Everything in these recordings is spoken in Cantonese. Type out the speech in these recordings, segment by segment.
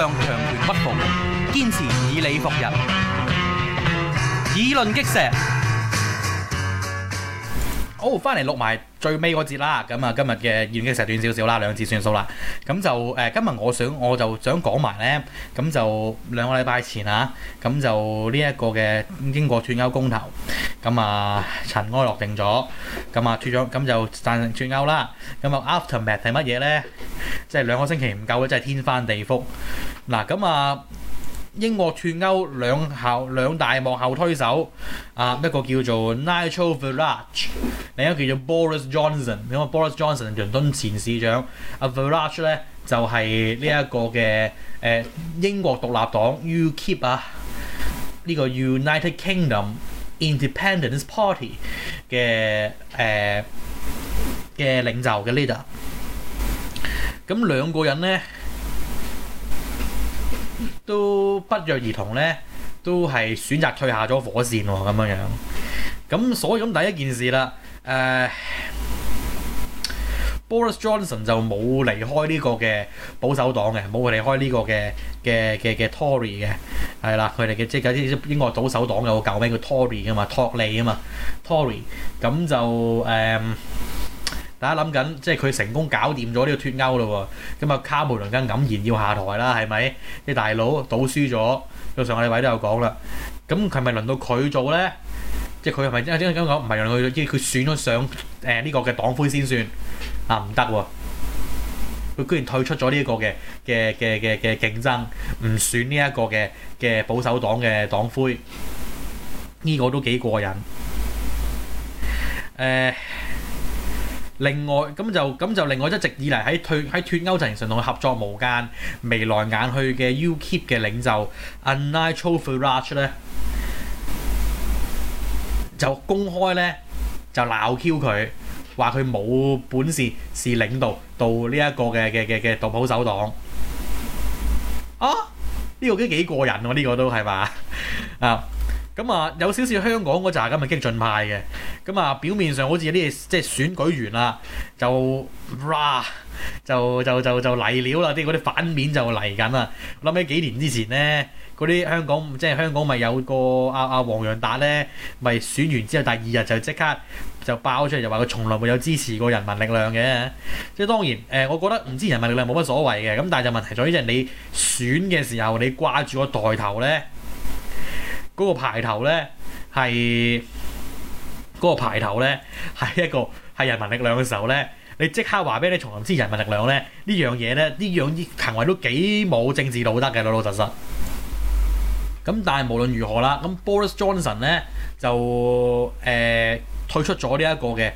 向強權屈服，堅持以理服人。議論擊石。好，翻嚟錄埋最尾嗰節啦。咁啊，今日嘅議論擊石短少少啦，兩次算數啦。咁就誒，今日我想我就想講埋呢。咁就兩個禮拜前啊，咁就呢一個嘅英國脫歐公投。咁啊，塵埃落定咗。咁啊，脫咗咁就暫定脫歐啦。咁啊，aftermath 係乜嘢咧？即係兩個星期唔夠咧，真係天翻地覆。嗱，咁啊，英國脫歐兩後兩大幕後推手啊，一個叫做 Nigel Farage，另一個叫做 Boris Johnson。咁啊，Boris Johnson 倫敦前市長。阿 Farage 咧就係呢一個嘅誒英國獨立黨，You Keep 啊呢個 United Kingdom。Independence Party 嘅誒嘅領袖嘅 leader，咁兩個人咧都不約而同咧，都係選擇退下咗火線喎，咁樣樣。咁所以咁第一件事啦，誒，Boris Johnson 就冇離開呢個嘅保守黨嘅，冇離開呢個嘅嘅嘅嘅 Tory 嘅。係啦，佢哋嘅即係嗰啲英國保守黨有個舊名叫 Tory 啊嘛，托利啊嘛，Tory 咁就誒大家諗緊，即係佢成功搞掂咗呢個脫歐咯喎，咁啊卡梅倫梗然要下台啦，係咪？啲大佬賭輸咗，個上位位都有講啦，咁係咪輪到佢做咧？即係佢係咪即係點講？唔係讓佢，即係佢選咗上誒呢個嘅黨魁先算啊？唔得喎，佢居然退出咗呢個嘅嘅嘅嘅嘅競爭。唔選呢一個嘅嘅保守黨嘅黨魁，呢個都幾過癮。誒，另外咁就咁就另外一直以嚟喺退喺脱歐陣營上同佢合作無間、眉來眼去嘅 UKIP 嘅領袖 Nigel Farage 咧，就公開咧就鬧 Q 佢，話佢冇本事是領導到呢一個嘅嘅嘅嘅到保守黨。啊！呢、這個都幾過癮喎，呢個都係嘛啊！咁啊、 嗯，有少少香港嗰扎咁啊激進派嘅，咁啊表面上好似有啲即係選舉完啦，就啦，就就就就嚟料啦，啲嗰啲反面就嚟緊啦，諗起幾年之前咧。嗰啲香港即係香港，咪有個阿阿黃洋達咧，咪選完之後第二日就即刻就爆出嚟，就話佢從來冇有支持過人民力量嘅。即係當然誒、呃，我覺得唔支持人民力量冇乜所謂嘅。咁但係就問題在於，即係你選嘅時候，你掛住個抬頭咧，嗰、嗰個牌頭咧，係嗰個牌頭咧係一個係人民力量嘅時候咧，你即刻話俾你從來唔支持人民力量咧，呢樣嘢咧，呢樣行為都幾冇政治道德嘅，老老實實。咁但係無論如何啦，咁 Boris Johnson 咧就誒、呃、退出咗呢一個嘅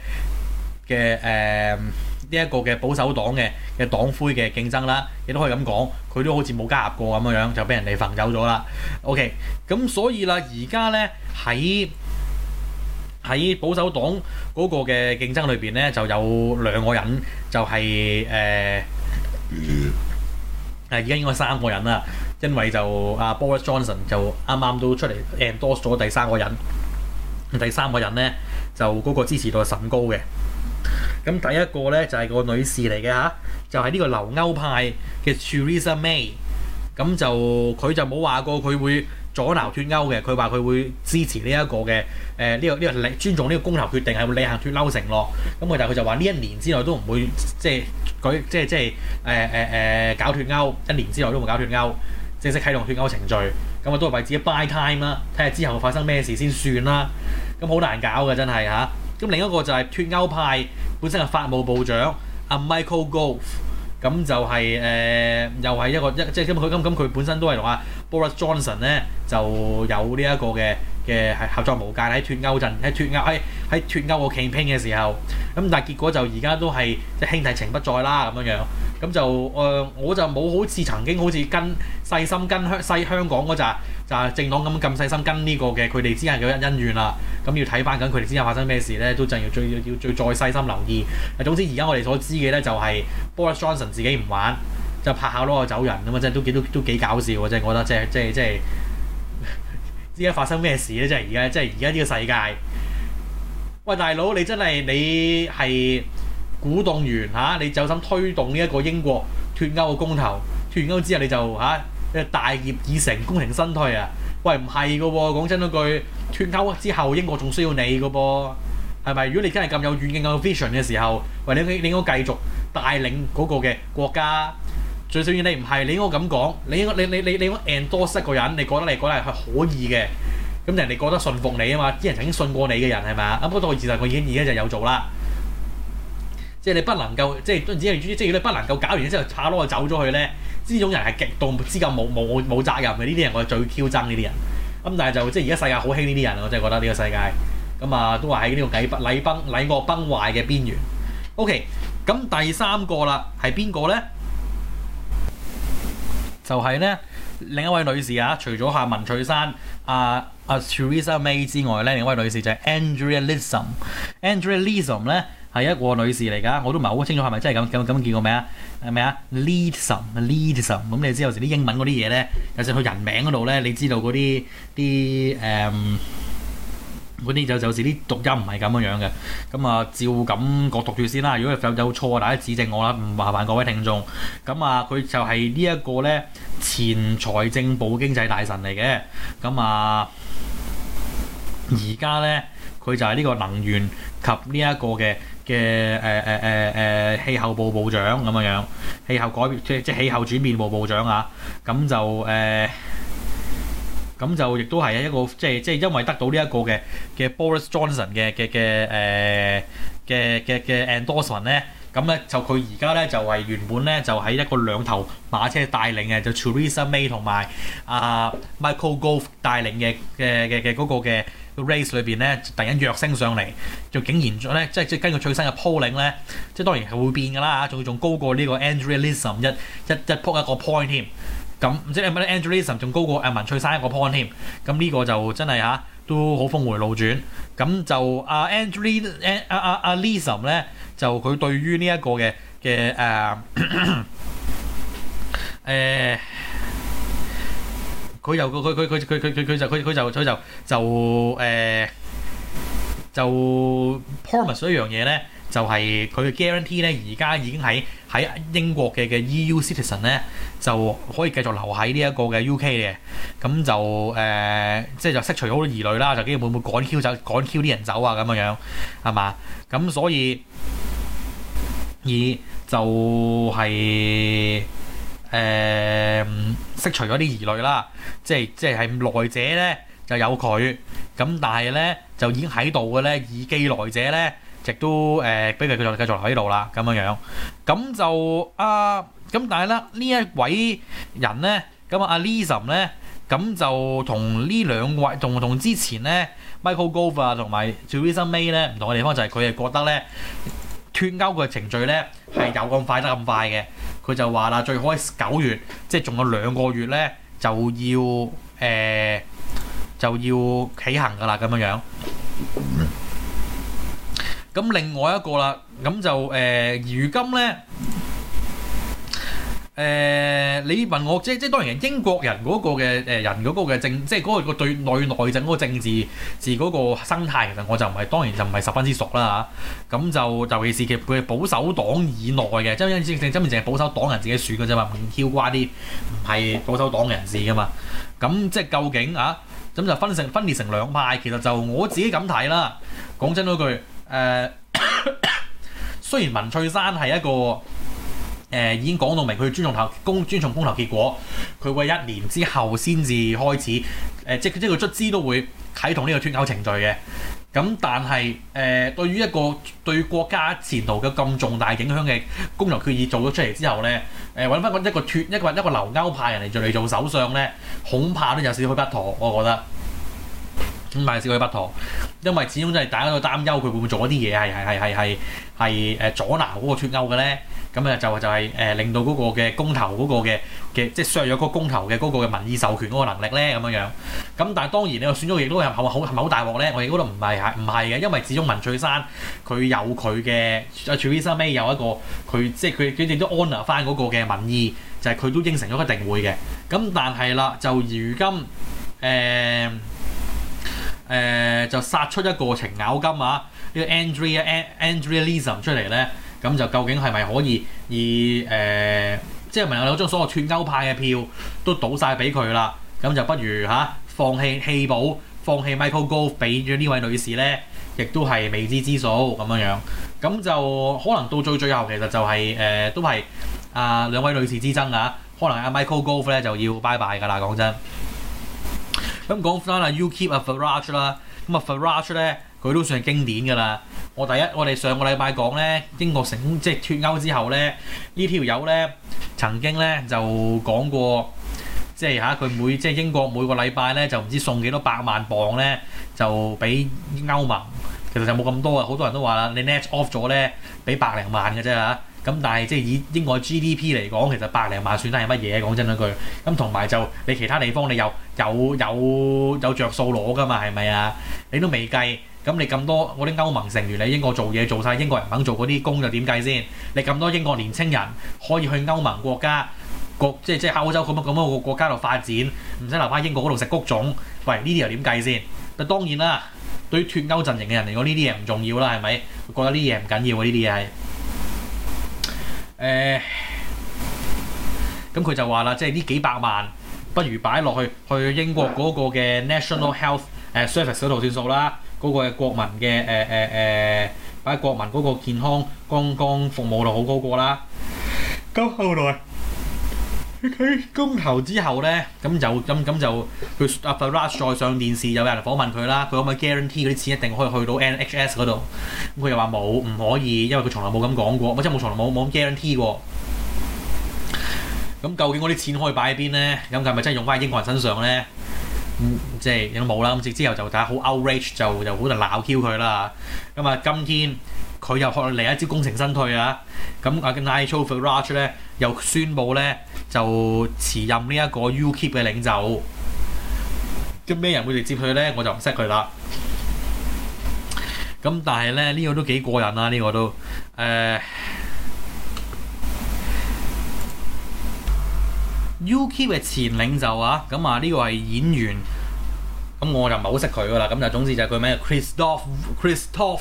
嘅誒呢一個嘅保守黨嘅嘅黨魁嘅競爭啦，亦都可以咁講，佢都好似冇加入過咁樣樣就俾人哋馮走咗啦。OK，咁所以啦，而家咧喺喺保守黨嗰個嘅競爭裏邊咧就有兩個人就係誒誒，而、呃、家、嗯、應該三個人啦。因為就阿 Boris Johnson 就啱啱都出嚟 endorse 咗第三個人，第三個人咧就嗰個支持度係甚高嘅。咁第一個咧就係、是、個女士嚟嘅吓，就係、是、呢個留歐派嘅 Theresa May。咁就佢就冇話過佢會阻撓脱歐嘅，佢話佢會支持呢一個嘅誒呢個呢、這個理尊重呢個公投決定係會履行脱歐承諾。咁但係佢就話呢一年之內都唔會即係舉即係即係誒誒誒搞脱歐，一年之內都冇搞脱歐。正式啟動脱歐程序，咁啊都係為自己 buy time 啦，睇下之後發生咩事先算啦。咁好難搞㗎真係嚇。咁、啊、另一個就係脱歐派本身嘅法務部長阿 Michael Gove，咁就係、是、誒、呃、又係一個一即係咁佢咁咁佢本身都係同阿 Boris Johnson 咧就有呢一個嘅嘅係合作無間喺脱歐陣喺脱歐喺喺脱歐個 campaign 嘅時候，咁但係結果就而家都係即兄弟情不再啦咁樣樣。咁就誒、呃，我就冇好似曾經好似跟細心跟香細香港嗰陣就係政黨咁咁細心跟呢個嘅佢哋之間嘅恩怨啦。咁要睇翻緊佢哋之間發生咩事咧，都真要最要要再細心留意。總之而家我哋所知嘅咧就係 Boris Johnson 自己唔玩，就拍下攞就走人啊嘛！真係都幾都都幾搞笑啊！真係我覺得即係即係即係而家發生咩事咧？即係而家即係而家呢個世界。喂，大佬你真係你係？鼓動完嚇、啊，你就想推動呢一個英國脱歐嘅公投，脱完歐之後你就嚇，啊、就大業已成，功成身退啊？喂，唔係嘅喎，講真嗰句，脱歐之後英國仲需要你嘅噃，係咪？如果你真係咁有遠見、咁有 vision 嘅時候，喂，你你你應該繼續帶領嗰個嘅國家。最少，要你唔係，你應該咁講，你應該你你你你應該 endorse 個人，你覺得你覺得係可以嘅，咁人哋覺得信服你啊嘛，啲人曾經信過你嘅人係咪啊？不嗰個其實我已經而家就有做啦。即係你不能夠，即係都只你不能夠搞完嘢之後叉佬就走咗去咧。呢種人係極度之夠冇冇冇責任嘅。呢啲人我係最 Q 憎呢啲人。咁但係就即係而家世界好興呢啲人，我真係覺得呢個世界咁啊，都話喺呢個禮崩禮崩禮樂崩壞嘅邊緣。OK，咁第三個啦係邊個咧？就係、是、咧另一位女士啊，除咗下文翠珊、啊、uh, 啊、uh, Theresa May 之外咧，另一位女士就係 Andrea Liston。Andrea Liston 咧。係一個女士嚟㗎，我都唔係好清楚係咪真係咁咁咁見過咩啊？係咪啊？Leadsom，Leadsom。咁你知有時啲英文嗰啲嘢咧，有時佢人名嗰度咧，你知道嗰啲啲誒嗰啲就就時啲讀音唔係咁樣樣嘅。咁啊，照咁個讀住先啦。如果有有錯，大家指正我啦，唔麻煩各位聽眾。咁啊，佢就係呢一個咧前財政部經濟大臣嚟嘅。咁啊，而家咧佢就係呢個能源及呢一個嘅。嘅誒誒誒誒氣候部部長咁樣樣，氣候改變即係氣候轉變部部長啊，咁就誒，咁、啊、就亦都係一個即係即係因為得到呢一個嘅嘅 Boris Johnson 嘅嘅嘅誒嘅嘅嘅 endorsement 咧。咁咧就佢而家咧就係原本咧就喺一個兩頭馬車帶領嘅，就 Theresa May 同埋啊 Michael Gove 帶領嘅嘅嘅嘅嗰個嘅 race 裏邊咧突然躍升上嚟，就竟然咗咧即係即係根據最新嘅 polling 咧，即係當然係會變㗎啦，仲仲高過呢個 Andrea Leadsom 一一一 po 一個 point 添，咁唔知你覺得 Andrea Leadsom 仲高過阿文翠珊一個 point 添？咁呢個就真係吓、啊，都好峰回路轉，咁就阿 Andrea 阿阿阿 Leadsom 咧。就佢對於呢一個嘅嘅誒誒，佢又佢佢佢佢佢佢佢就佢佢就佢就就誒就 promise 咗一樣嘢咧，就係佢嘅 guarantee 咧。而家已經喺喺英國嘅嘅 EU citizen 咧，就可以繼續留喺呢一個嘅 UK 嘅，咁就誒，即、呃、係、就是、就釋除好多疑慮啦。就驚會唔會趕 Q 走趕 Q 啲人走啊？咁樣樣係嘛，咁，所以。而就係、是、誒、呃，釋除咗啲疑慮啦，即係即係係來者咧就有佢，咁但係咧就已經喺度嘅咧，已寄來者咧亦都誒，俾、呃、佢繼續繼續喺度啦，咁樣樣。咁就啊，咁但係咧呢一位人咧，咁啊阿 Leadsom 咧，咁就同呢兩位，同同之前咧 Michael Gove 啊呢同埋 Theresa May 咧唔同嘅地方就係佢係覺得咧。脫歐嘅程序呢，係有咁快得咁快嘅，佢就話啦，最好喺九月，即係仲有兩個月呢，就要誒、呃、就要起行噶啦咁樣樣。咁另外一個啦，咁就誒、呃、如今呢。誒、呃，你問我即係即係當然英國人嗰個嘅誒人嗰個嘅政，即係嗰、嗰個、嗰個對內內政嗰個政治治嗰、嗰個生態，其實我就唔係當然就唔係十分之熟啦嚇。咁、啊、就尤其是其佢係保守黨以內嘅，即係因為只正，即係淨係保守黨人自己選嘅啫嘛，唔挑瓜啲，唔係保守黨人士噶嘛。咁即係究竟啊？咁就分成分裂成兩派，其實就我自己咁睇啦。講真嗰句，誒、呃， 雖然文翠山係一個。誒、呃、已經講到明，佢尊重投公尊重公投結果，佢會一年之後先至開始，誒、呃、即即係佢出資都會啟動呢個脫歐程序嘅。咁但係誒、呃、對於一個對國家前途嘅咁重大影響嘅公投決議做咗出嚟之後咧，誒揾翻個一個脫一個一個留歐派人嚟嚟做首相咧，恐怕都有少許不妥，我覺得。咁係少許不妥，因為始終真係大家都擔憂佢會唔會做一啲嘢係係係係係係誒阻擋嗰個脱歐嘅咧。咁誒就就係誒令到嗰個嘅公投嗰個嘅嘅即削弱嗰個公投嘅嗰個嘅民意授權嗰個能力咧咁樣樣。咁但係當然你話選舉亦都係好係咪好大鑊咧？我亦覺得唔係係唔係嘅，因為始終文翠山佢有佢嘅阿 Chief Officer 有一個佢即係佢佢正咗 honour 翻嗰個嘅民意，就係佢都應承咗一定會嘅。咁但係啦，就如今誒。誒、呃、就殺出一個程咬金啊！呢、這個 Andrea Andrea Leadsom 出嚟咧，咁就究竟係咪可以以誒、呃，即係明我哋將所有脫歐派嘅票都倒曬俾佢啦？咁就不如、啊、放棄棄保，放棄 Michael Gove 俾咗呢位女士咧，亦都係未知之數咁樣樣。咁就可能到最最後，其實就係、是、誒、呃、都係啊兩位女士之爭啊！可能阿 Michael Gove 咧就要拜拜㗎啦，講真。咁講翻啦，U.K. 啊，Farage 啦，咁啊 Farage 咧，佢都算係經典㗎啦。我第一，我哋上個禮拜講咧，英國成功即係脫歐之後咧，條呢條友咧曾經咧就講過，即係吓，佢、啊、每即係英國每個禮拜咧就唔知送幾多百萬鎊咧，就俾歐盟。其實就冇咁多啊，好多人都話啦，你 net off 咗咧，俾百零萬㗎啫嚇。咁但係即係以英國 GDP 嚟講，其實百零萬算得係乜嘢？講真嗰句，咁同埋就你其他地方你又有有有着數攞噶嘛？係咪啊？你都未計，咁你咁多我啲歐盟成員喺英國做嘢做晒英國人肯做嗰啲工就點計先？你咁多英國年青人可以去歐盟國家國即係即係歐洲咁樣咁樣個國家度發展，唔使留翻英國嗰度食谷種。喂，呢啲又點計先？但當然啦，對於脱歐陣營嘅人嚟講，呢啲嘢唔重要啦，係咪？我覺得呢啲嘢唔緊要喎，呢啲嘢係。誒、哎，咁佢就話啦，即係呢幾百萬，不如擺落去去英國嗰個嘅 National Health Service 度算數啦。嗰、嗰個嘅國民嘅誒誒誒，擺、哎、喺、哎哎、國民嗰個健康剛剛服務度好高過啦，咁好唔佢公投之後咧，咁就咁咁就佢阿 Farage 再上電視，有人訪問佢啦，佢可唔可以 guarantee 嗰啲錢一定可以去到 NHS 嗰度？咁佢又話冇，唔可以，因為佢從來冇咁講過，我真係冇從來冇冇咁 guarantee 喎。咁究竟嗰啲錢可以擺喺邊咧？咁佢係咪真係用翻英國人身上咧？咁即係都冇啦。咁之後就睇下好 outrage 就就好就鬧 Q 佢啦。咁啊，今天。佢又學嚟一招功成身退啊！咁阿 Nigel Farage 咧又宣布咧就辭任呢一個 UKIP 嘅領袖。即咩人會接去佢咧？我就唔識佢啦。咁但係咧呢、這個都幾過癮啊！呢、這個都誒、呃、UKIP 嘅前領袖啊！咁啊呢個係演員。咁我就唔係好識佢噶啦。咁就總之就佢咩 Christoph，Christoph。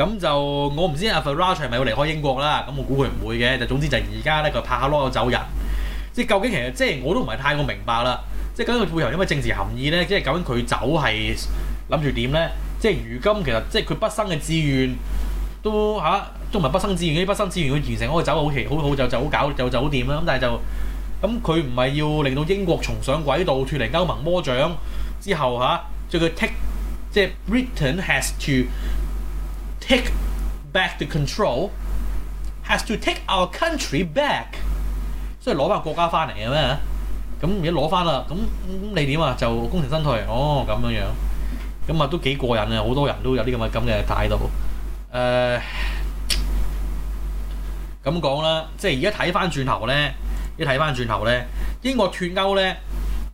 咁就我唔知阿 Farage 係咪要離開英國啦，咁我估佢唔會嘅。就總之就而家咧，佢拍下攞就走人。即係究竟其實即係我都唔係太過明白啦。即係究竟佢背後有咩政治含義咧，即係究竟佢走係諗住點咧？即係如今其實即係佢畢生嘅志願都、啊，都吓，都唔係畢生志願。啲畢生志願佢完成可以走很好，好奇好好就很就好搞就搞就好掂啦。咁、嗯、但係就咁佢唔係要令到英國重上軌道，脫離歐盟魔掌之後吓，將、啊、佢 take 即係 Britain has to。Take back the control has to take our country back，即係攞翻國家翻嚟嘅咩？咁而家攞翻啦，咁你點啊？就功成身退哦咁樣樣，咁啊都幾過癮啊！好多人都有啲咁嘅咁嘅態度。誒咁講啦，即係而家睇翻轉頭咧，而家睇翻轉頭咧，英國脫歐咧，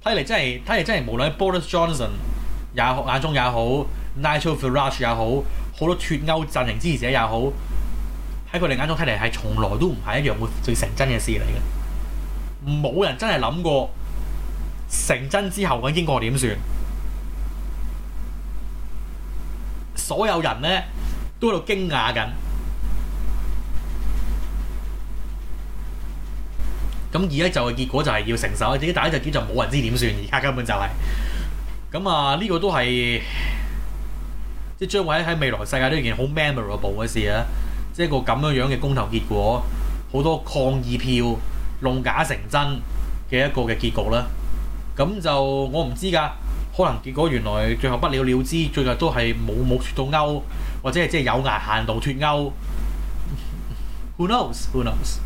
睇嚟真係睇嚟真係無論 Boris Johnson 喺眼中也好，Nigel Farage 也好。好多脱歐陣營支持者也好，喺佢哋眼中睇嚟係從來都唔係一樣會最成真嘅事嚟嘅，冇人真係諗過成真之後嘅英國點算？所有人呢都喺度驚訝緊，咁而家就嘅結果就係要承受，自己第一就叫就冇人知點算，而家根本就係咁、就是、啊！呢、呢個都係。即係將會喺未來世界都一件好 memorable 嘅事啊！即係個咁樣樣嘅公投結果，好多抗議票弄假成真嘅一個嘅結局啦。咁就我唔知㗎，可能結果原來最後不了了之，最後都係冇冇脫到歐，或者係即係有牙限度脫歐。 Who knows? Who knows?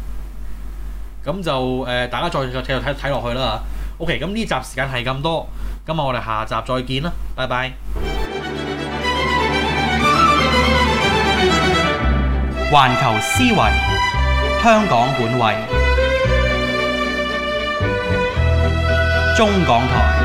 咁就誒、呃，大家再繼續睇睇落去啦 OK，咁呢集時間係咁多，咁我哋下集再見啦，拜拜。環球思維，香港本位，中港台。